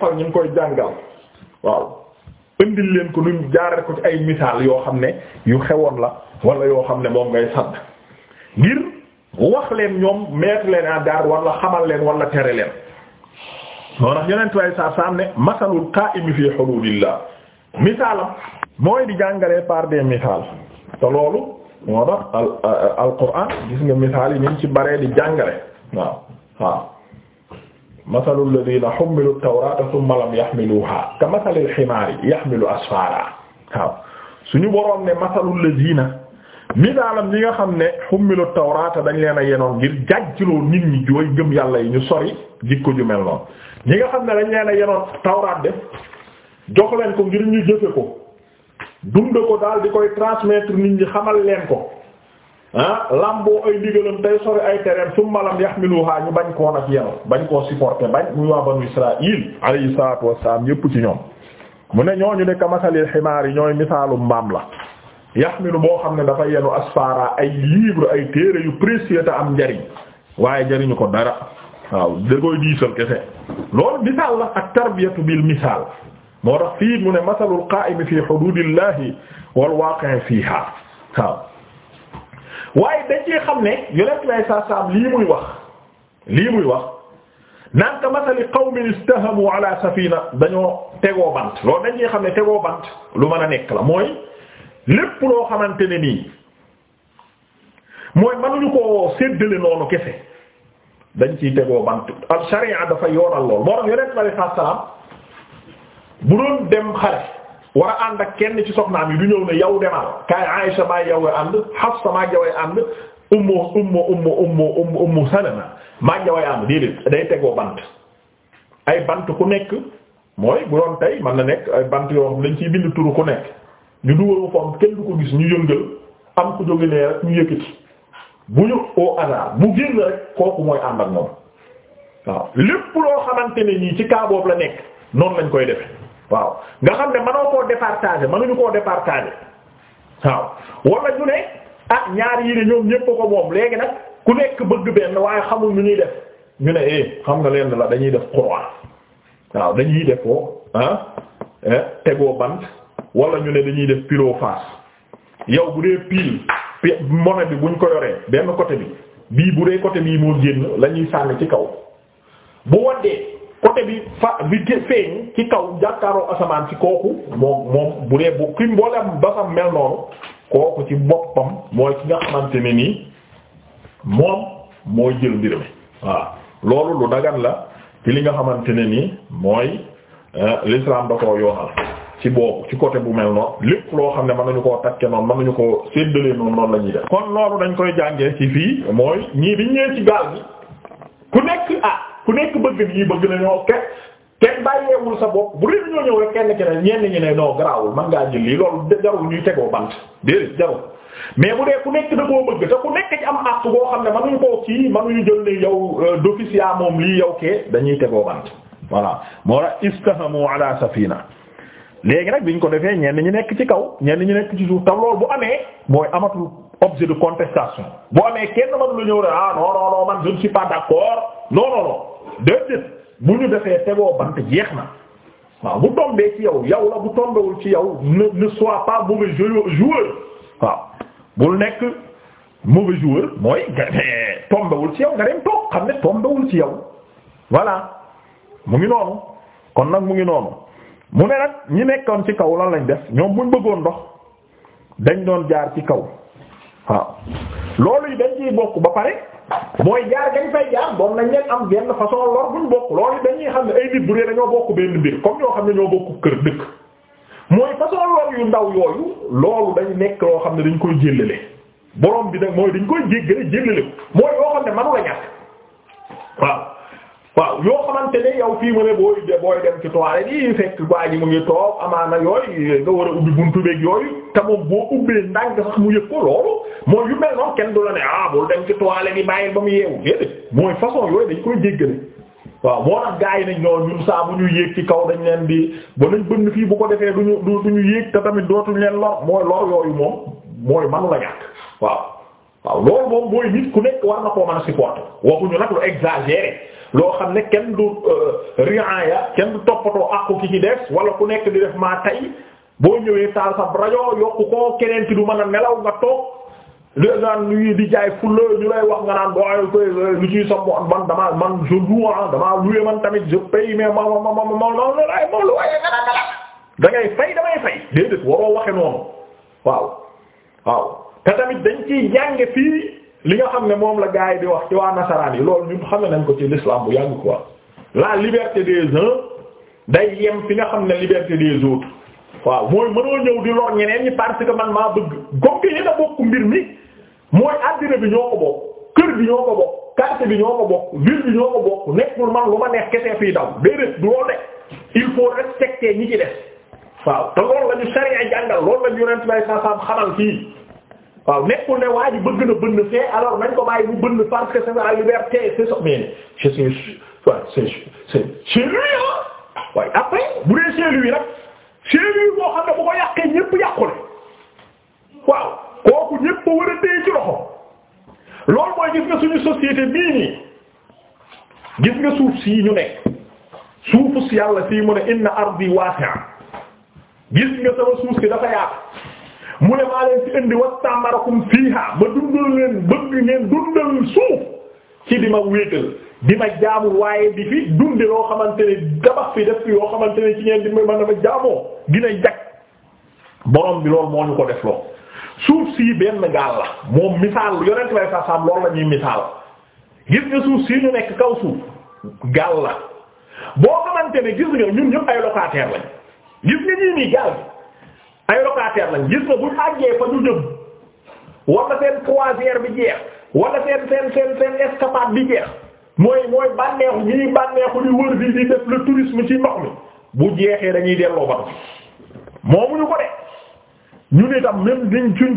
xol ñu ngi koy jàngal waaw indil leen ko nuñ jaaree ko ci ay misaal yoo xam ne yu xewoon la wala yoo xam ne moom ngay sadd ngir wax leen ñoom mettre leen en garde wala xamal leen wala tere leen. moo tax yeneen tubaab saa saa am ne masalul qaa'imi fi hududillah misaalam mooy di jàngalee par des misaal te loolu moo tax al al Qur'an gis nga misaal yi ñu ci baree di jàngale waaw waaw. masalul ladina hummilu tawrata thumma lam yahmiluha ka masalil ximaari yahmilu asfara waaw suñu boroom ne masalul ladina misaalam ñi nga xam ne hummilu tawrata dañ leen a yenoon ngir jàjjloo nit ñi jooy gëm yàlla yi ñu sori jikko ju mel noonu ñi nga xam ne dañ leen a yenoon tawraat def jox leen ko ngir ñu jëfe ko dund ko daal di koy transmettre nit ñi xamal leen ko ah lamboo ay ndigalam tey sori ay tereem summa lam yahmiluha ñu bañ koo nag yenu bañ koo supporter bañ muy waa banu Israaïl alayhi salaatu wassalaam yépp ci ñoom mu ne ñooñu de kamasalil ximaar yi ñooy misaalum mbaam la yaxmilu boo xam ne dafa yenu asfara ay livre ay téere yu précieux te am njariñ waaye jariñu ko dara waaw da koy diisal kese loolu misaal la ak tarbiyatu bil misaal moo tax fii mu ne masalul qaa'imi fi huduudillahi wal waaqi'i waaye dañ ci xam ne yonent lay saa saam lii muy wax lii muy wax naan ka masali qawmin istahamu ala safina dañoo tegoo bant loolu dañ ci xam ne tegoo bant lu mën a nekk la mooy lépp loo xamante ne nii mooy mënuñu ko séddale noonu kese dañ ciy tegoo bant al sharia dafa yoonal lool moo tax yonent lay saa saam bu doon dem xare war a ànd ak kenn ci soxnaam yi du ñëw ne yow demal kaay Aïcha maa yow a ànd Hafsa maa yow a ànd ummu ummu ummu ummu a ànd déedéet day tegoo bant ay bant ku nekk mooy bu doon tey mën na nekk ay bant yoo xam dañ ciy bind turu ku nekk ñu dugalu foofu kenn du ko gis ñu yëngal am ku jóge nee rek ñu yëkkati bu ñu au hasard bu génn rek kooku mooy ànd ak moom waaw lépp loo xamante nii ci kaa la nekk noonu lañ koy defe waaw nga xam ne mënoo koo départager mënuñu koo départager waaw wala ñu ne ah ñaar yii de ñoom ñépp ko moom léegi nag ku nekk bëgg benn waaye xamul ñu ñuy def ñu ne eh xam nga leen la dañuy def croix waaw dañuy defoo ah eh, tegoo bant walla ñu ne dañuy def pilo face yow bu dee pile monnaie bi buñ ko yoree benn côté bi bii bu dee côté bii moo génn lañuy ñuy sànni ci kaw bu waddee côté bi fa bi feeñ ci kaw jàkkaaroo asamaan ci kooku moom moom bu dee bu ki mboolem basam mel noonu kooku ci boppam mooy ki nga xamante ne nii moom mooy jël mbir mi loolu lu dagan la ci li nga xamante ne nii mooy euh, l'islam da koo yoonal ci boobu ci côté bu mel noonu lépp loo xam ne mën nañu koo takke noonu mën nañu ko séddalee noonu noonu la ñuy def kon loolu dañ koy jàngee ci fii mooy ñii biñ ñëwee ci gaal gi ku nekk ah ku nekk bëgg ñi bëgg nañoo kenn kenn bàyyeewul sa bopp bu dee ñoo ñëw rek kenn ci ne ñenn ñi ne non garaawul man ngaa jël lii loolu jarul ñuy tegoo bant déedéet jarul mais bu dee ku nekk da koo bëgg te ku nekk ci am àq boo xam ne mënuñu koo kii mënuñu jël ne yow euh, d'office yaa moom lii yow kee dañuy tegoo bant voilà moo tax istahamu ala safina léegi nag biñ ko defee ñenn ñu nekk ci kaw ñenn ñu nekk ci suuf tam loolu bu amee mooy amatul objet de contestation bu amee kenn mënu lu ñëw rek ah non non non man je ne suis déedéet mu ñu defee tegoo bant jeex na waaw bu tombee ci yow yow la bu tombewul ci yow ne ne sois pas mauvais joueur waaw bul nekk mauvais joueur mooy nga tombewul ci yow nga dem xam ne tombewul ci yow voilà mu ngi noonu kon nag mu ngi noonu mu ne nag ñi nekkoon ci kaw la lañ def ñoom buñ bëggoon ndox dañ doon jaar ci kaw loolu yi dañ ciy bokk ba pare. mooy jaar gañ fay jaar doon nañ leen am benn façon lor buñ bokk loolu dañuy xam ne ay nit bu dee dañoo bokk benn mbir comme ñoo xam ne ñoo bokk kër dëkk mooy façon lor yu ndaw yooyu loolu dañ nekk loo xam ne dañ koy jëllale borom bi nag mooy dañ koy jéggale jëllale mooy yoo xam ne manu la ñàkk waaw waaw yoo xamante ne yow fii mu ne booy booy dem ci toilette yi fekk waa yi mu ngi toog amaana yooyu nga war a ubbi buntu beeg yooyu te moom boo ubbee ndànk sax mu yëg ko loolu mooy yu mel noonu kenn du la ne ah bul dem ci toilette yi bàyyi ba mu yeewu déedéet mooy façon yooyu dañ koy jéggale waaw moo tax gaa yi nañ noonu ñun saa bu ñu ci kaw dañ leen di ba nañ bënn fii bu ko defee duñu duñu yéeg te tamit dootuñ leen lor mooy lor yooyu moom mooy manu la waaw waaw loolu moom mooy nit ku nekk war na koo mën a supporter waxuñu nag lu exagéré loo xam ne kenn du riaya kenn du toppatoo àqu ki ci des wala ku nekk di def maa tey boo ñëwee taal sa rajo yokku ko keneen ki du mën a nelaw nga toog les gens ñu di jaay fulla ñu lay wax nga naan boo koy lu ciy sopp man damaa man je loue damaa loué man tamit je paye mais ma ma ma ma ma loolu ay ma loué nga da ngay fay damay fay déedéet waroo waxe noonu waaw waaw. te tamit dañ ciy jànge fii li nga xam ne moom la gaa yi di wax ci waa nasaraan yi loolu ñun xam nañ ko ci l'islam bu yàgg quoi la liberté des uns day yem fi nga xam ne liberté des autres waaw mooy mënoo ñëw di lor ñeneen ñi parce que man maa bëgg comme que a bokk mbir mi mooy àddina bi ñoo ko bokk kër bi ñoo ko bokk quartier bi ñoo ko bokk ville bi ñoo ko bokk nekkul man lu ma neex kese fii daw déedéet du loolu de il faut respecter ñi ci des waaw te waaw nekkul ne waa ji bëgg na bënn fee alors nañ ko bàyyi bu bënn parce que liberté c'est ça mais c'est c'est c'est c'est chez lui ah ne bu ko yàqee ñépp yàqule waaw kooku ñépp a war gis nga suuf sii ñu nekk suufu si yàlla sii mu a inna ardi wasi'a gis nga sama suuf si dafa yaatu. mu ne maa leen fi indi wastamarakum fiiha ma dundal leen bëgg ngeen dundal suuf ci di ma wéetal di ma jaamu waaye di fi dundi loo xamante ne dabax fi def fi yoo xamante ne ci ngeen di ma mën a ma jaamoo dina jag borom bi loolu moo ñu ko def loo suuf sii benn gaal la moom misaal yonent bay sa sam loolu la ñuy misaal gis nga suuf sii ñu nekk kaw suuf gaal la boo xamante ne gis nga ñun ñëpp ay locataire lañ gis nga ñii nii gaal ay locataire lañ gis nga buñ àggee fa ñu jëm wala seen croisière bi jeex wala seen seen seen seen escapade bi jeex mooy mooy bànneexu ñuy bànneexu di wër bi def le tourisme ci ndox mi bu jeexee dañuy delloo ba moomuñu ko de ñu ne tam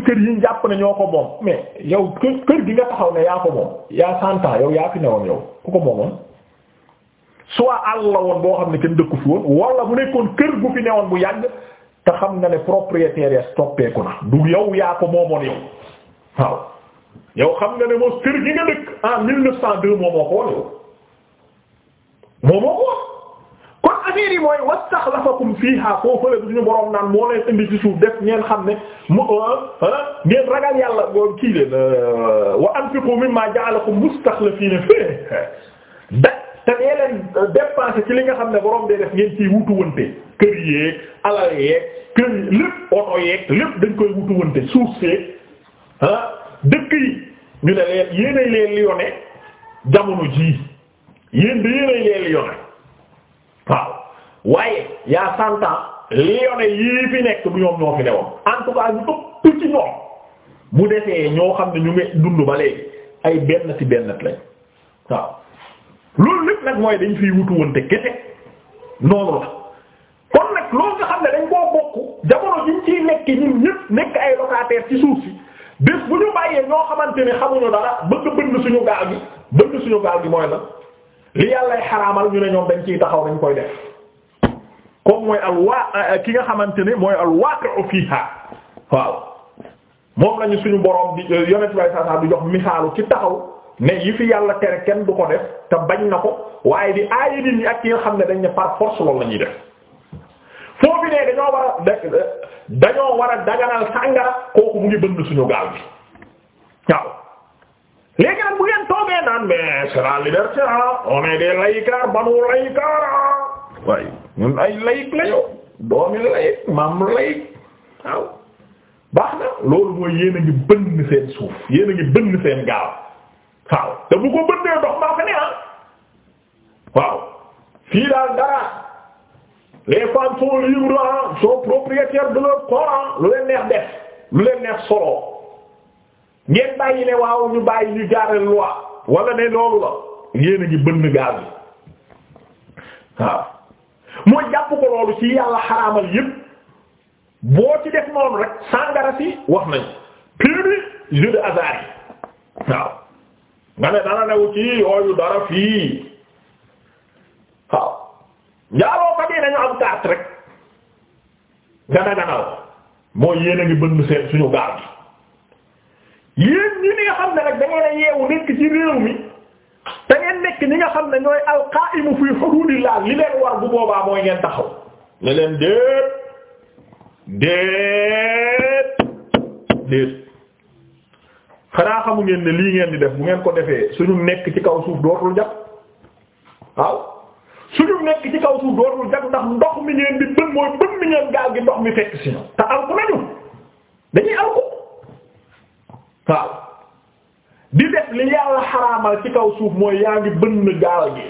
kër yi jàpp ne ko moom mais yow kër gi nga taxaw ne yaa ko moom yaa santan yow yaa fi newoon yow ku ko moomoon soit àll la woon boo xam ne kenn dëkku fi woon wala bu nekkoon kër gu fi newoon bu yàgg te xam nga ne propriétaire ya stoppeeku na du yow yaa ko moomoon yow waaw xam nga ne moom kër gi nga dëkk en 1902 moom moo ko woon yow mooy wastaxlafakum fiihaa koo fële du ñu borom naan moo leen indi def ngeen xam ne mu euh, euh, ngeen ragal yàlla euh, kii leen wa anfiqu mimmaa ja'alakum mustaxlafiina fiihi te dee leen euh, ci li nga xam ne borom dee def ngeen ciy wutu wante kër yeeg alal yeeg kër lépp oto yeeg lépp dañ koy wutu wante suuf see ah, dëkk yi ñu ne leen yéenay leen liyone jamono jii yéen da yéenay leen liyone waaw waaye yaa santan liyone yii fi nekk bu ñoom ñoo fi newoon en tout cas ci ñoom bu defee ñoo xam ne ñu ngi dund ba léegi ay benn ci benn lañ waaw loolu lépp nag mooy dañ fi wutu woon te kese noonu la kon nag loolu nga xam ne dañ koo bokk jamono jiñ ciy nekk ñun ñëpp nekk ay locataire ci suuf si bés bu ñu bàyyee ñoo xamante ne xamuñu dara bëgg bënd suñu gaal gi bënd suñu gaal gi mooy la li yàllay xaraamal ñu ne ñoom dañ ciy taxaw dañ koy def comme mooy alwaa euh, ki nga xamante ne mooy alwaqi'u fiha waaw moom lañu suñu borom di euh, yonent bay saa saa di jox misaalu taxaw ne yi fi yàlla tere kenn du ko def te bañ na ko waaye di aaye nit ak yi xam ne dañ ne par loolu la def foofu ne dañoo war a dañoo war a daganal sàngara kooku mu ngi bënd suñu gaal bi waaw léegi nag bu ngeen toogee naan mais c'est la liberté ah on est des laïcards ah. waaye ñun ay laïc la yow doomi laïc maam laïc waaw baax na loolu mooy yéen ngi bënd seen suuf yéen ngi bënd seen gaal. waaw te bu ko bëndee dox maa ko ne ah waaw fii daal dara les femmes sont libres ah sont propriétaires de leur corps ah. lu leen neex def lu leen neex solo ngeen bàyyi ne waaw ñu bàyyi ñu jaaree loi wala ne loolu la yéen a ngi bënn gaal bi waaw mooy jàpp ko loolu ci yàlla xaraamal yépp boo ci def noonu rek sangara si wax nañu. pire bi jeu de hasard waaw. nga ne dara newu ci yooyu dara fii waaw njaaloo kat yi dañu am carte rek nga ne ganaw mooy yéen a ngi bënn seen suñu gaal gi yéen ñi nga xam ne rek da ngeen a yeewu nekk ci réew mi te ngeen nekk ñi nga xam ne ñooy alqaimu fi hududillah li leen war bu boobaa mooy ngeen taxaw ne leen déet déet déet xanaa xamu ngeen ne lii ngeen di def bu ngeen ko defee suñu nekk ci kaw suuf dootul jag waaw suñu nekk ci kaw suuf dootul jag ndax ndox mi ngeen di bën mooy bën ngeen gaal gi ndox mi fekk si ñoom te alku nañu dañuy alku waaw di def li yàlla xaraamal ci kaw suuf mooy yaa ngi bën gaal gi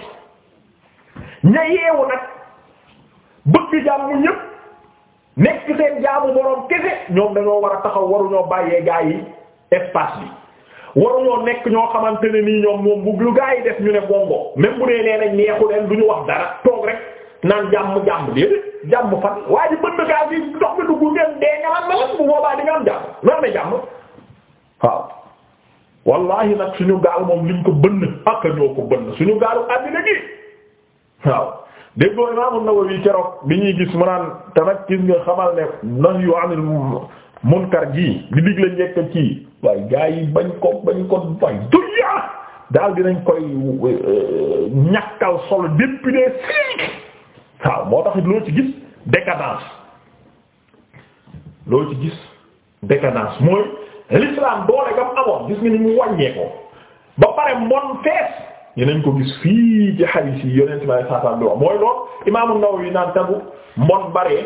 ña yeewu nag bëgg jàmm ñépp nekk seen jaamu boroom kese ñoom dañoo war a taxaw waruñoo bàyyee gaa yi espace bi waruñoo nekk ñoo xamante ne nii ñoom moom bu lu gaa ñu ne bongo même bu leen du ñu wax dara toog rek naan jàmm jàmm déedéet jàmm fan waaye ji bënn gaa yi ndox mi dugg na bu boobaa di moom liñ ko bënn ak ñoo ko bënn suñu gaalu àddina gi waaw déggoo bi ñuy gis mu te nag gis nga xamal ne nahyu anil munkar gi di digle njekk ci waaye gaa yi bañ ko bañ ko waaye duniyaa daal dinañ koy euh, ñàkkal solo depuis des siècles waaw moo tax loo ci gis décadence loo ci gis décadence mooy l'islam doole gam amoon gis nga ni mu wàññee ko ba pare mon fees yeneñ ko gis fii ci xalis yi yonent ma saasan bi wax mooy lool Imaam An-Nawawi naan tabu mon baree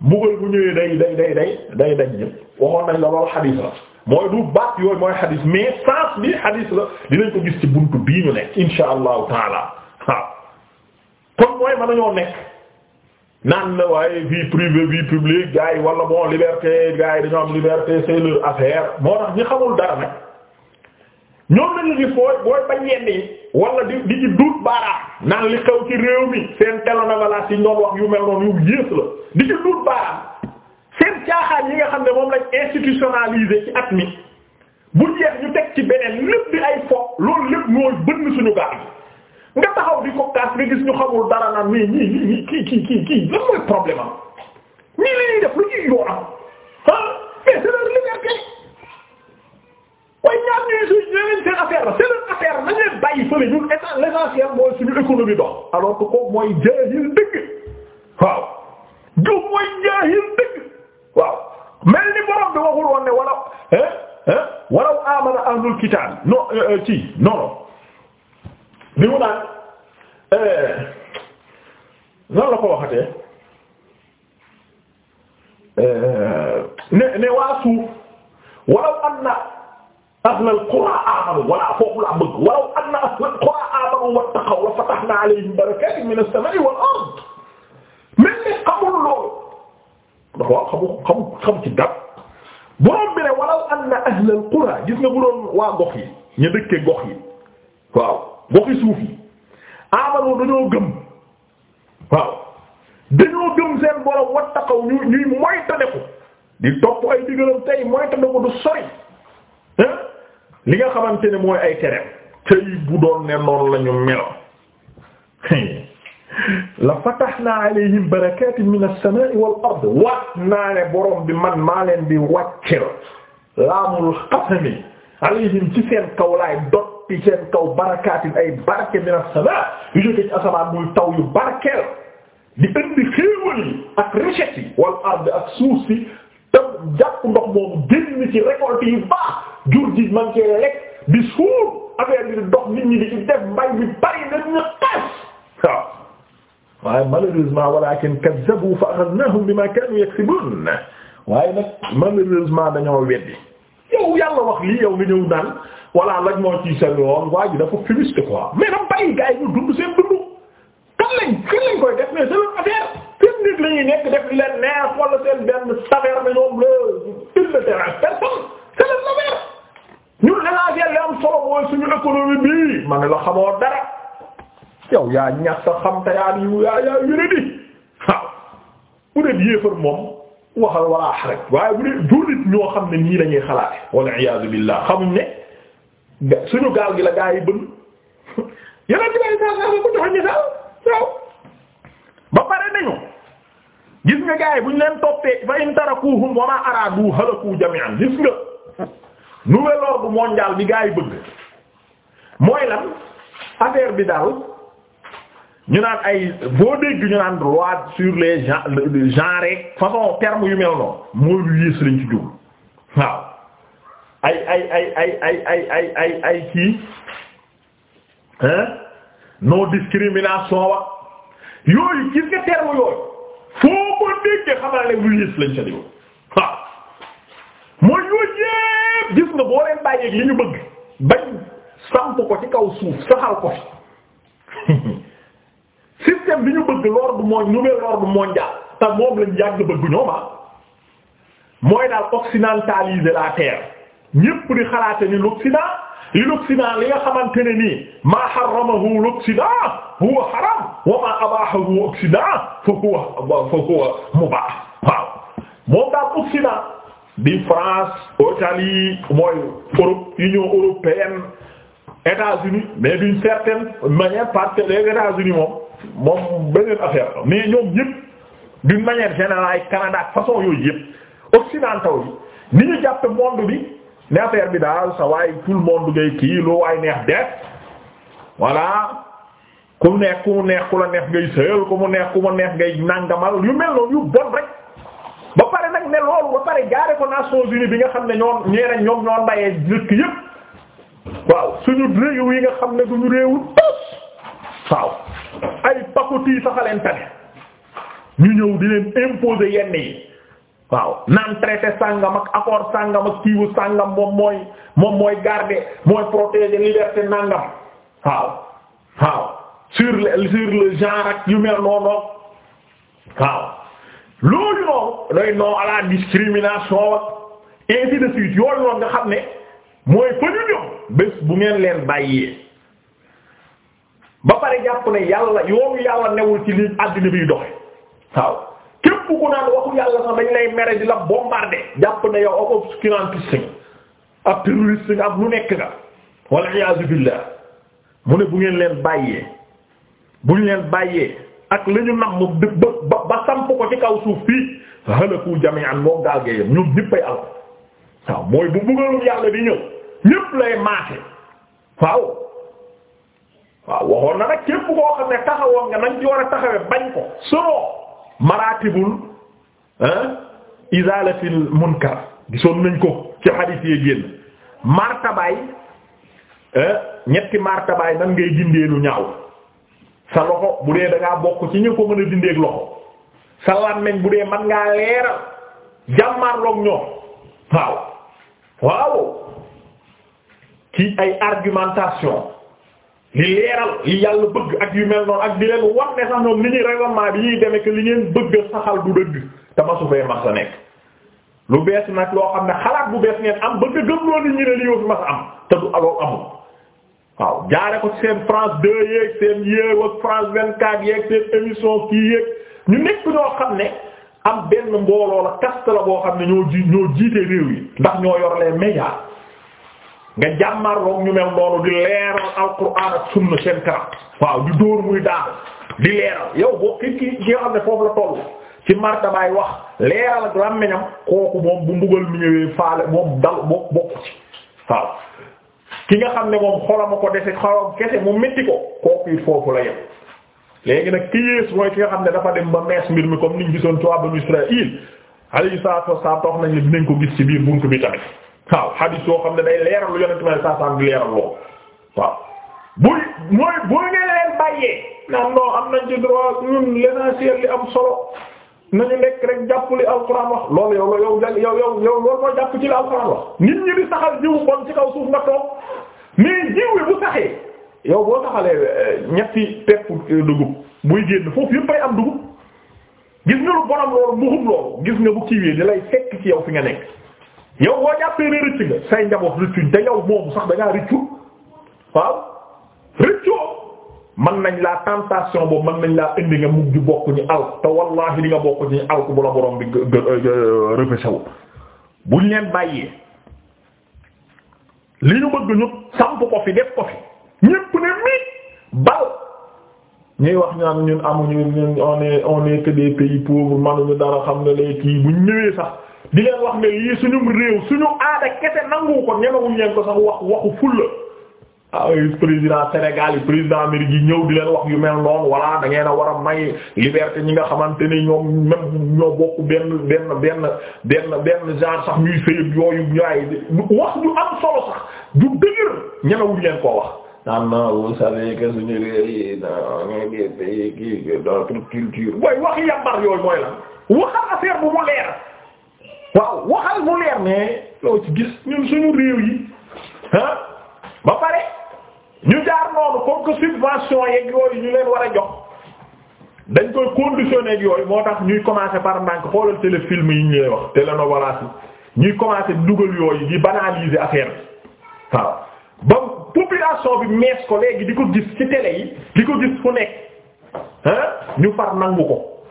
mbugal bu ñëwee day day day day day waxoon nañ la lool xadis la mooy du baat yooyu mooy xadis mais sens bi xadis la dinañ ko gis ci buntu bii ñu nekk insha allahu taala waaw kon mooy mën nañoo nekk naan na waaye vie privée vie publique gars yi wala bon liberté gars dañoo am liberté c'est leur affaire moo tax ñi xamul dara nag ñoom lañu gis booy booy bañ yenn yi wala di di ci duut baaraam naan li xew ci réew mi seen télénovelas yi ñoom wax yu mel noonu yu yées la di ci duut baaraam. seen caaxaan yi nga xam ne moom lañ institutionnalisé ci at mi bu jeex ñu teg ci beneen lépp di ay fo loolu lépp mooy bënn suñu gaal nga taxaw di ko kaas nga ñu xamul dara naan mais ñii ñii kii kii kii mooy problème am ñii li ñuy def lu ñuy yoon am ah mais c'est leur liberté waaye ñaar ñuy suñ ñeneen seen affaire la c'est leur affaire nañ leen bàyyi mooy suñu économie dox alors kitaab non eh, eh, ci non non bi mu naan eh, nan la ko waxatee ne ne waa suuf walaw anna ahlal qura amanu wala foofu la bëgg walaw anna ahlal qura amanu wattaqaw la fatahna alayhim barakatin min as-sama'i wal ard mel ni xamul loolu ndax waaw xamu xamu xamu ci dara ahlal qura gis nga bu doon waa gox yi ñu dëkkee gox yi waaw goxi suuf yi amano dañoo gëm waaw dañoo gëm seen borom wattaqaw ñu ñuy moytandiku di topp ay digalam tey moytandiku du sori li nga xamante ne mooy ay tereem tey bu doon ne noonu lañu melo la fatahna alayhim barakatin min as-samaa'i wal ard waat naa ne borom bi man maa leen di wàccel laamul qasami alayhim ci seen kaw laay dotti seen kaw barakaatin ay barke a samaa yu jóge ci asamaan muy taw yu barkeel di indi xéewal yi ak richesse yi wal ard ak suuf si te jàpp ndox moomu génn ci récolte yu baax jur ji man cee lekk di suur affaire bi di dox nit ñi di ci def mbay bi bari nañ ñu xas waaw waaye malheureusement walakin kazzabu fa akhadnahum bima kanu yaksibun waaye nag malheureusement dañoo weddi yow yàlla wax lii yow nga ñëw naan voilà lañ moo ci sa yoon waa ji dafa fumiste quoi mais dam bàyyi gars yi seen dund kan lañ kan lañ def mais c'est leur affaire seen nit la ñuy nekk def di leen neex wala seen benn taverne la il ne dérange personne la xamoo dara yow yaa ñàkk sa xam te yaa yaa yaa yële di waaw bu dee yéefar moom. waxal walaax rek waaye bu dee jullit ñoo xam ne nii lañuy xalaate walla iyaazu billaah xamuñ ne suñu gaal gi la gaa yi bën yeneen ci saa saa ko joxe ñu daal waaw ba pare nañu gis nga gaa yi buñ leen toppee fa in tarakuhum wa ma araadu halaku jami'an gis nga nouvel ordre mondial bi gaa yi bëgg mooy lan affaire bi daal ñu naan ay boo dégg ñu naan loi sur les genres façon terme yu mel noonu mooy lu yées lañ ci jublu waaw ay ay ay ay ay ay ay ay ay kii hein non discrimination wax yooyu gis nga terme yooyu foo ko dégg xamal ne lu yées lañ ca diw mooy yooyu yépp gis nga boo leen bàyyeeg li ñu bëgg bañ samp ko ci kaw suuf saxal ko fi système bi ñu moom lañ yàgg bëgg ñoom ah. mooy daal occidentaliser la terre ñépp di xalaate ni li l'Occident li nga xamante ne nii maa harramahu l'Occident huwa haram wa maa abahahu l'Occident fa huwa fa waaw moom daal Occident di France Italie mooy Europe Union européenne États-Unis mais d'une certaine manière parce que États-Unis moom moom beneen affaire la mais ñoom ñëpp d'une manière générale ay Canada ak façon yooyu yëpp occidentaux yi ni ñu jàpp monde bi ne affaire bi daal sa waay tout le monde ngay kii loo waay neex def voilà ku neex ku mu neex ku la neex ngay sëyal ku mu neex ku mu neex ngay nangamal yu mel noonu yu bon rek ba pare nag ne loolu ba pare jaare ko Nations Unies bi nga xam ne ñoom ñeene ñoom ñoo ndayee dëkk yëpp waaw suñu réew yi nga xam ne duñu réewu tos waaw ay pakuti saxaleen tane ñu ñëw di leen imposer yenn yi waaw naan traité sàngam ak accord sàngam ak kiiwu sàngam moom mooy moom mooy garder mooy protéger liberté nàngam waaw waaw sur le sur le genre ak yu mel noonu waaw loolu noonu lay non à discrimination ak suite yooyu noonu nga xam ne mooy fa ñu ñëw bés bu ngeen leen bàyyee ba pare jàpp na yàlla yoonu yàlla newul ci lii àddina biy doxe waaw képp ku naan waxu yàlla sax dañ lay mere di la bombarder jàpp na yow ab obscurantiste nga ab terroriste ab lu nekk nga walla iyaazu billaah mu ne bu ngeen leen bàyyee bu ñu leen bàyyee ak la ñu nam ba ba samp ko ci kaw suuf fii halaku jami'an moom gaal gee yam ñoom ñëppay al waaw mooy bu buggalum yàlla di ñëw ñëpp lay maase waaw waaw waxoon na nag képp koo xam ne taxawoon nga nañ ci war a taxawee bañ ko selon maratibul izalatil munkar gisoon nañ ko ci hadith yi génn martabaay ñetti martabaay nan ngay dindee lu ñaaw sa loxo bu dee da bokk ci ñu ko mën a dindeeg loxo sa làmmiñ bu dee man ngaa leeral jàmmaarloog ñoom waaw waaw ci ay argumentation li leeral li yàlla bëgg ak yu mel noonu ak di leen wax ne sax ñoom ni ñuy raisonnement bi ñuy demee que li ngeen bëgg saxal du dëgg te ma su fee mas a nekk. lu bees nag loo xam ne xalaat bu bees ngeen am bëgg gëm loo ñu ñi ne lii yow fi mas a am te du aloo amul waaw jaare ko seen France 2 yeeg seen yeew ak France 24 yeeg seen émission kii yeeg ñu nekk ñoo xam ne am benn mbooloo la kast la boo xam ne ñoo ji ñoo jiite réew yi ndax ñoo yor les médias. nga jàmmarloog ñu mel noonu di leeral alquran ak sunna seen kanam waaw di dóor muy daal di leeral yow boo ki ki ki nga xam ne foofu la tollu ci martabaay wax leeral ak làmmiñam kooku moom bu mbugal mi ñëwee faale moom dal bokk bokk ci waaw ki nga xam ne moom xolam a ko dese xolam kese mu métti ko kooku it foofu la yem léegi nag ki yées mooy ki nga xam ne dafa dem ba mees mbir mi comme niñ gisoon ci waa banu Israël alayhi salaatu wassalaam wax nañ ne dinañ ko gis ci biir buntu bi waaw hadith yoo xam ne day leeral lu yonent ma saa saa di leeral lool waaw buy mooy buy ne leen bàyyee naan non am nañ ci droit ñun l'essentiel li am solo nañu nekk rek jàpp li alxuraan wax loolu yow yow yow yow yow loolu moo jàpp ci li alxuraan wax nit ñi di saxal jiwu bon ci kaw suuf nga toog mais jiw yi bu saxee yow boo saxalee eh, ñetti pepp dugub muy génn foofu yëpp am dugub gis nga lu borom loolu muxum loolu gis nga bu kiiwee di lay fekk yow fi nekk. yow boo jàppee ne rëcc nga say njaboot rëccuñ te yow moomu sax da ngaa waaw rëccoo mën nañ laa tentation boobu mën nañ laa indi nga mujj bokk ñu al te wallahi di nga bokk ñu al bu la borom bi repêché wu buñ leen bàyyee li ñu bëgg ñu samp ko fi def ko fi ñépp ne mii bal ñuy wax ñaan ñun amuñu ñun on est on est que des pays pauvres xam ne lay kii buñ ñëwee sax di leen wax ne lii suñu réew suñu aada kese nangu ko ñemewuñ leen ko sax wax waxu fulla ay président Sénégal yi président Amérique yi ñëw di leen wax yu mel noonu walla da ngeen a war a may liberté ñi nga xamante ni ñoom même ñoo bokk benn benn benn benn benn genre sax ñuy sëyëb yooyu ñaay wax ñu am solo sax du dëgër ñemewuñ leen koo wax naan na vous savez que suñu réew yi dans notre culture waaye waxi yambar yooyu mooy la waxal affaire bu mu leer waaw waxal mu leer ne loo ci gis suñu réew yi ah ba pare ñu jaar noonu comme que subvention yeeg yooyu ñu leen war a jox dañ koy conditionné ak yooyu moo tax ñuy commencer par ndànk xoolal téléfilm yi ñu lay wax télénovelas yi ñuy commencer dugal yooyu di banaliser affaire bi waaw ba bi mees ko léegi di ko gis ci télé yi di ko gis fu nekk ah ñu par nangu ko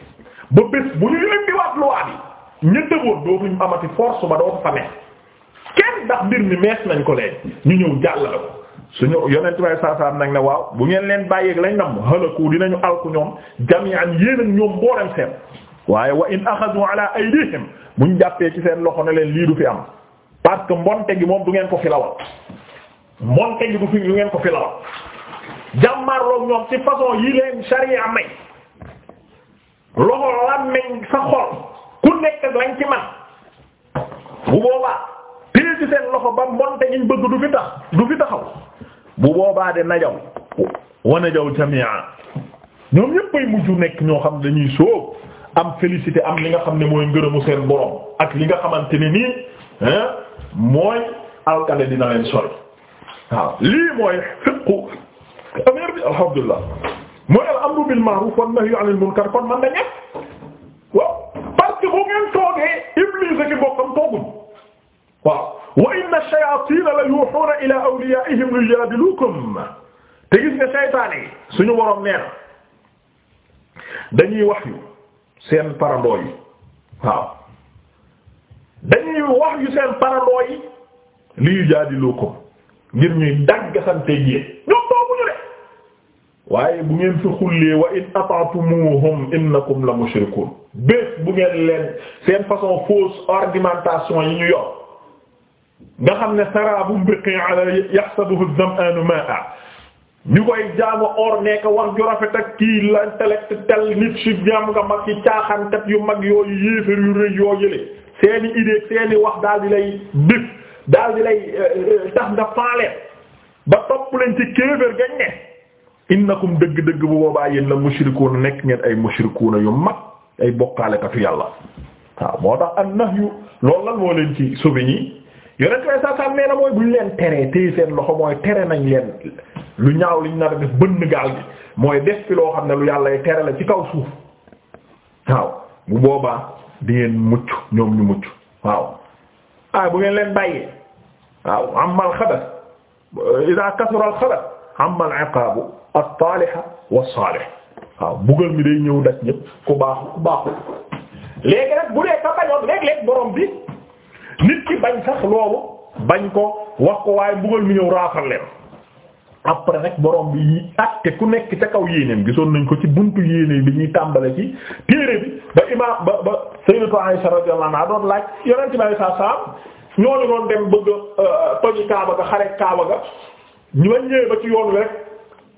ba bés bu ñu leen di wax loi bi ña dëggoon dootuñu amati force ba doo fa ne kenn ndax mbir mi mees nañ ko leen ñu ñëw jàllale ko suñu yonent way saasaam nag ne waaw bu ngeen leen bàyyeeg lañ nam halaku dinañu alku ñoom jami'an yéen ak ñoom mboolem seen waaye wa in axadu ala aydihim buñ jàppee ci seen loxo ne leen lii du fi am parce que mbonte gi moom du ngeen ko fi lawal mbonte gi du fi du ngeen ko fi lawal jàmmarloog ñoom ci façon yi leen sharia may loxo làmmeñ sa xol ku nekk lañ ci man bu boobaa téye ci seen loxo ba mbonte ñu bëgg du fi tax du fi taxaw bu boobaa de najaw wane jaw jamia ñoom ñëpp mujj nekk ñoo xam dañuy sóob am félicité am li nga xam ne mooy ngërëmu seen borom ak li nga xamante ni nii hein mooy alkale dina leen sori waaw lii mooy fiqu amir bi alhamdulillah mooy al bil ma'ruf wan nahyu 'anil munkar kon man na ñett la ci bokkam tooguñ waaw wa inna ash-shayatina la yuhuna ila awliyaihim liyujadilukum te gis nga saytaane yi suñu borom nee na dañuy wax yu seen parandoo yi waaw dañuy wax yu seen parandoo yi liyujadilukum ngir ñuy daggasante ji ñoom tooguñu de waaye bu ngeen fi xullee wa in ata'tumuhum innakum la mushrikun bés bu ngeen leen seen façon fausse argumentation yi ñu yor nga xam ne sarabum biqi ala yahsabuhu adh-dham'anu ma'a ñu koy jaamu or nekk wax ju rafet ak kii l'intellect tel nit si jàmm nga mag ci caaxaankat yu mag yooyu yéefér yu rëy yoo jële seeni idée seeni wax daal di lay def euh, euh, tax nga faale ba topp leen ci innakum dëgg-dëgg bu boobaa yéen la mushrikuuna nekk ngeen ay mushrikuuna yu mag ay bokkaalekatu yàlla waaw moo tax an nahyu loolu lan moo leen ci sobi ñi yonent way saa sam nee na mooy buñ leen teree téye seen loxo mooy tere nañ leen lu ñaaw liñ nar a def bënn gaal gi mooy def fi loo xam ne lu yàlla tere la ci kaw suuf waaw bu boobaa di ngeen mucc ñoom ñu mucc waaw ah bu ngeen leen bàyyee waaw amal xabat ida kasura al amal iqabu as-saaliha was-saalih waaw bugal mi day ñëw daj ñëpp ku baax ku baaxul léegi nag bu dee ka bañoon léeg-léeg borom bi nit ki bañ sax loolu bañ ko wax ko waaye bugal mi ñëw raafal leen après nag borom bi àtte ku nekk ca kaw yéeneem gisoon nañ ko ci buntu yéene bi ñuy tàmbale ci téere bi ba imaam ba ba sayyidatu Aisha radiyallahu anha doon laaj yonent bi saa saa ñoo doon dem bëgg a euh, toj kaaba ga xare kaaba ga ñu ñëwee ba ci yoon wi rek.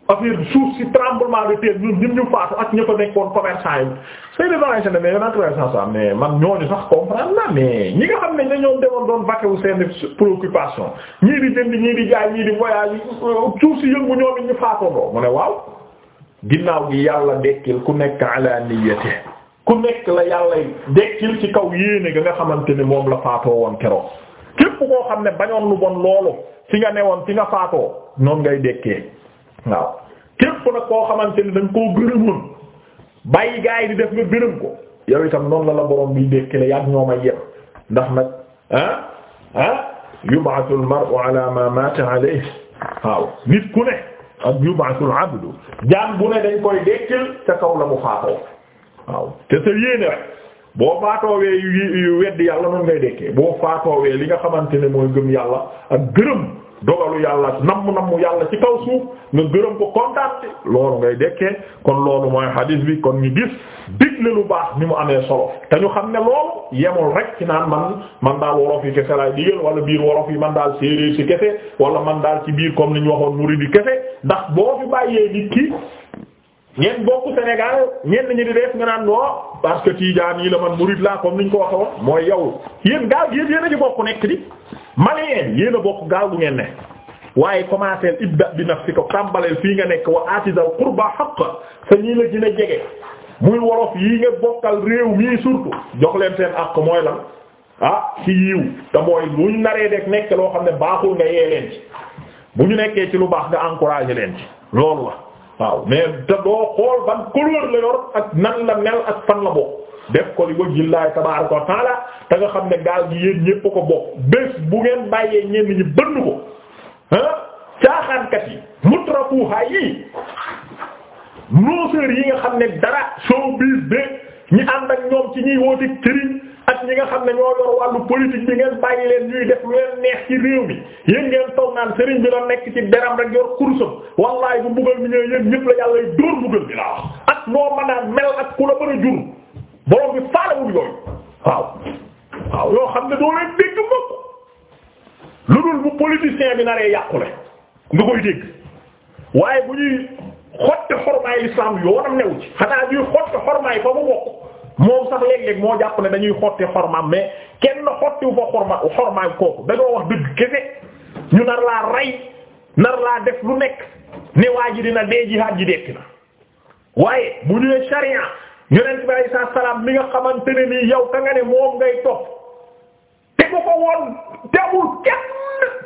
affaire bi suuf si tremblement de terre ñun ñun ñu faatu ak ña ko nekkoon commerçant yi Seydou Balaye Sane mais yow naa traversé ça mais man ñooñu sax comprendre na mais ñi nga xam ne ñoo demoon doon vaquer wu seen préoccupation ñii di jënd ñii di jaay ñii di voyage suuf si yëngu ñoom it ñu faatoo mu ne waaw. ginnaaw gi yàlla dekkil ku nekk ala niyyati ku nekk la yàlla dekkil ci kaw yéene ga nga xamante ne moom la faatoo woon keroog képp koo xam ne bañoon lu bon loolu fi nga newoon fi nga faatoo noonu ngay dekkee. waaw képp nag koo xamante ni dañ koo gërëmoon bàyyi gaa yi di def nga gërëm ko yow itam noonu la la borom biy dékkale yàgg ñoom a yem ndax nag ah ah yub'athul mar'u ala ma mata alayhi waaw nit ku ne ak yub'athul abdu jaam bu ne dañ koy dékkal ca kaw la mu faatoo waaw te sa yéene rek boo faatoowee yu weddi yàlla noonu ngay dékkee boo faatoowee li nga xamante ne mooy gëm yàlla ak gërëm dogalu yàlla namm namm yàlla ci kaw suuf nga gërëm ko kontaan loolu ngay dekkee kon loolu mooy hadith bi kon ñu gis digle lu baax ni mu amee solo te ñu xam ne loolu yemul rek ci naan man man daal wolof yi kese laay digal wala biir wolof yi man daal séeréer si kese wala man daal ci biir comme ni ñu waxoon murid yi kese ndax boo fi bàyyee nit ki ngeen bokk Sénégal ñenn ñi di def nga naan non parce que Tijaan yi la man murid laa comme ni ñu ko waxee woon mooy yow yéen gaaw yéen yéen a ci bokk nekk di malien yéen a bokk gaaw gu ngeen ne waaye commencer ibda bi nafsika tàmbaleel fii nga nekk wa atizal qurba haqq sa ñii la dina jege muy wolof yi nga bokkal réew mii surtout jox leen seen àq mooy lan ah ci yiw te mooy luñ naree dek nekk loo xam ne baaxul nga yee leen ci bu ñu nekkee ci lu baax nga encourager leen ci loolu waaw mais te doo xool ba couleur la yor ak nan la mel ak fan la bokk def ko li wajhi llaahi tabaaraka wa taala te nga xam ne gaal gi yéen ñépp ko bokk bés bu ngeen bàyyee ñenn ñi bënn ko ah caaxaankat yi mutrafuha yi noceurs yi nga xam ne dara showbiz de ñi ànd ak ñoom ci ñuy woote këriñ ak ñi nga xam ne ñoo yor wàllu politique bi ngeen bàyyi leen ñuy def lu leen neex ci réew mi yéen ngeen toog naan sëriñ bi la nekk ci deram rek yor kursam wallaay bu mbugal mi ñëw yéen ñëpp la yàlla y dóor mbugal bi la wax ak noo mën a mel ak ku la mën a jur borom bi faalawul yooyu waaw waaw yoo xam ne doo leen dégg mukk lu dul bu politicien bi naree yàqule nga koy dégg waaye bu ñuy xotti xormaay islam yoonam new ci xanaa ñuy xotti xormaay moom sax léeg-léeg moo jàpp ne dañuy xotti xormaam mais kenn xottiwu fa xorma kooku dañoo wax dëgg kese ñu nar laa rey nar laa def lu nekk ne waa ji dina dee jihaad ji dekki na waaye bu ñëwee sharia yonent bi alayhi salaam mi nga xamante ne nii yow ka nga ne moom ngay topp te bu ko woon te amul kenn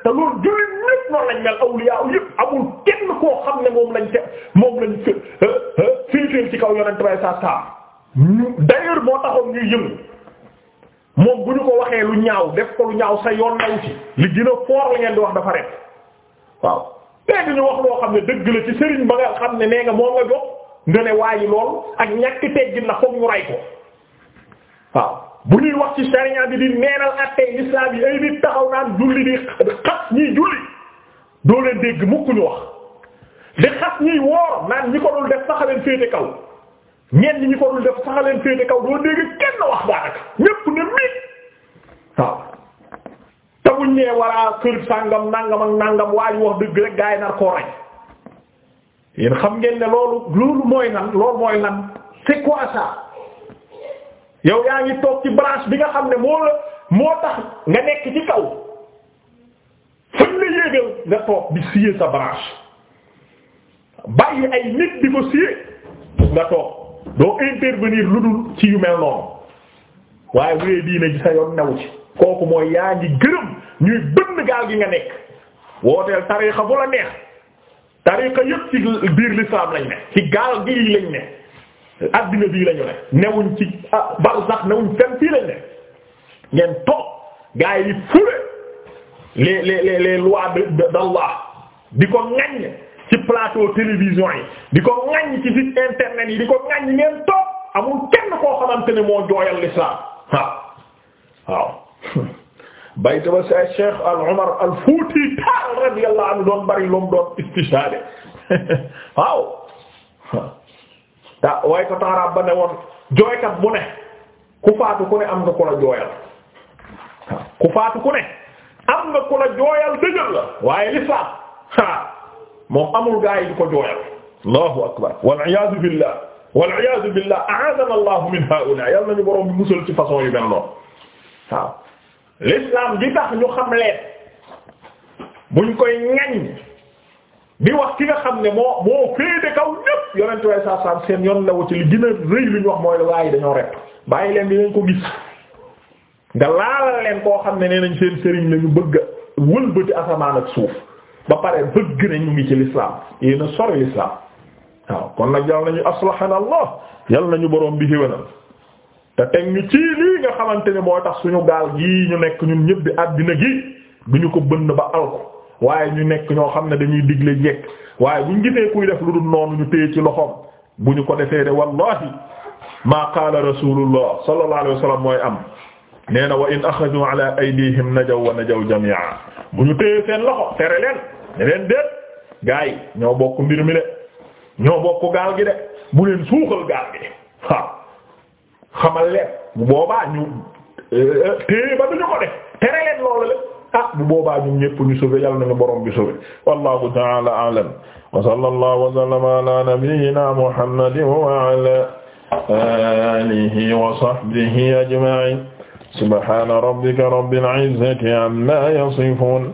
te loolu jullit ñépp noonu lañ mel awliya yépp amul kenn koo xam ne moom lañ te moom lañ féeteel euh, euh, ci kaw yonent bi alayhi salaam d'ailleurs moo taxaw ñuy yëngu moom bu ñu ko waxee lu ñaaw def ko lu ñaaw sa yoon naw ci li gën a foor la ngeen di wax dafa ret waaw léegi ñu wax loo xam ne dëgg la ci sëriñ ba nga xam ne nee nga moo nga jox nga ne waayi lool ak ñàkk teggin la foog ñu ray ko waaw bu ñuy wax ci sariya bi di neenal attey islam yi ay nit taxaw naan julli di xas ñiy julli doo leen dégg mukk ñu wax di xas ñiy woor naan ñi ko dul def saxaleen féete kaw ñenn ñi ko dul def sax leen féete kaw doo dégg kenn wax daanaka ñépp ne miit waaw te buñ nee walla kër sàngam nangam ak nangam waa ji wax dëgg rek gaa yi nar koo rey yéen xam ngeen ne loolu loolu mooy lan loolu mooy lan c'est quoi yow yaa ngi toog ci branche bi nga xam ne moo moo tax nga nekk ci kaw fañ la yéegal nga toog di scier sa branche bàyyi ay nit di ko scier nga toog doo intervenir lu dul ci yu mel noonu waaye bu dee diine sa yoon new ci kooku mooy yaa ngi gërëm ñuy bënn gaal gi nga nekk wooteel tariixa bu la neex tariixa yépp ci biir l'islam lañ ne ci gaal gi lañ ne addina bii lañu ne newuñ ci ah, barzax newuñ fenn fii lañ ne ngeen toog gaa yi fure les les les lois de d'Allah di ko ŋaññ ci plateau télévision yi di ko ŋaññ ci site internet yi di ko ŋaññ ngeen toog amul kenn koo xamante ne moo jooyal l'islam waaw waaw bayta ba sa Cheikh al Umar al Fuuti Taal radiyallahu anhu doon bari lu mu ko taaraab bu ne ku faatu ku ne am nga ku na jooyal ku faatu ku ne am nga ku la jooyal dëggal la waaye l'islam moom amul gaa yi di ko jooyal allahu akbar wal iyaadu billah wal iyaadu billah a'aadana allahu min haa'ulaa yàlla nañu borom bi musal ci façon yu mel noonu waaw l'islam di tax ñu xam leen buñ koy ñañ di wax ki nga xam ne moo moo féete kaw ñépp yonent way saa saam seen yoon la ci li gën a rëy lu ñu wax mooy waa yi dañoo rek bàyyi leen dinañ ko gis nga laalal leen koo xam ne nee nañ seen sëriñ la ñu bëgg a wëlbati asamaan ak suuf ba pare bëgg na ñu ngi ci lislaam yéen a sori lislaam waaw kon nag yàlla nañu aslahana allah yàlla nañu borom bi hiwanal te teg ñu ci lii nga xamante ne moo tax suñu gaal gii ñu nekk ñun ñëpp di àddina gi duñu ko bënn ba alko waaye ñu nekk ñoo xam ne dañuy digle njekk waaye buñ gisee kuy def lu dul noonu ñu téye ci loxoom bu ñu ko defee de wallahi maa qaala rasulullah sallallahu alayhi wa sallam mooy am nee na wa in axadu ala aydihim najaw wa najaw jami'a bu ñu téye ne leen déet gaa yi ñoo bokk mbir mi de ñoo bokk gaal gi de bu leen suuxal gaal gi waaw xamal leen bu boobaa ñu euh, euh, téye ba duñu ko def tere leen loolu le ah bu boobaa ñun ñépp ñu sauvé yàlla nañu borom bi sauvé wallahu ta'ala a'lam wa sallallahu wa sallama ala nabiyyina muhammadin wa ala alihi wa sahbihi ajma'in subhana rabbika rabbil izzati amma yasifun